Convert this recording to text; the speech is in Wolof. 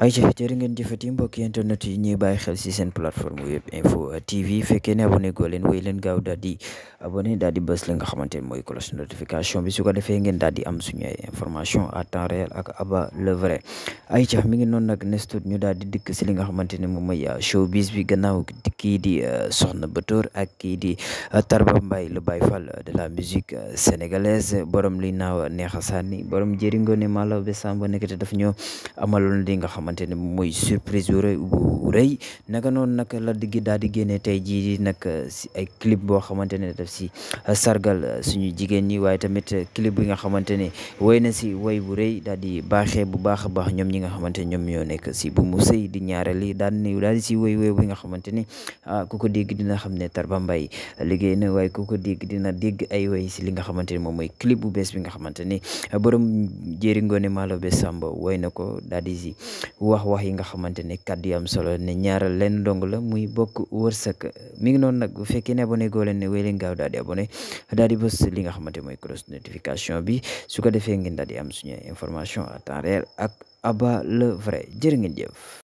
ay jëf jërë ngeen jëfati mbokki internet yi ñuy bàyyi xel si seen plateforme web info tv fekkee ne abonné goo leen leen gaaw daal di abonné daal di bës ne mooy cloche notification bi su ko defee ngeen daal am suñu ay information à temps réel ak aba le ay jëf mi ngi noonu nag nestut ñu daal di dikk si li nga xamante ne moom mooy showbiz bi gannaaw kii di euh, soxna Batoor ak kii di euh, Tarba Mbaye le Baye Fall de la musique euh, sénégalaise borom li naaw neexa sànni borom jëriñoo ne Malaw Besamba nekk te daf ñoo amaloon li nga xamante xamante mooy surprise bu rëy bu rëy naka noonu nag la diggi daal di génne tey jii nag euh, si ay clip boo xamante ne daf si euh, sargal euh, suñu jigéen ñi waaye tamit clip bi nga xamante ne woy na si woy bu rëy daal di baaxee bu baax a baax ñoom ñi nga xamante ñoom ñoo nekk si bu mu sëy di ñaareel yi daan ni daal di si woy woy bi nga xamante ni ah, ku ko dégg dina xam ne Tarba Mbaye liggéey na waaye ku ko dégg dina dégg ay way si li nga xamante ne moom mooy clip bu bees bi nga xamante ni borom jëri ngoone Malo Be Samba woy na ko daal si wax wax yi nga xamante ne kàddu yi am solo ne ñaaral leen dong la muy bokk wërsëg mi ngi noonu nag bu fekkee ne abonné goo leen ne wéy leen gaaw daal di abonné daal di bës li nga xamante mooy cross notification bi su ko defee ngeen daal di am suñu information à temps réel ak Abba le vrai jërë ngeen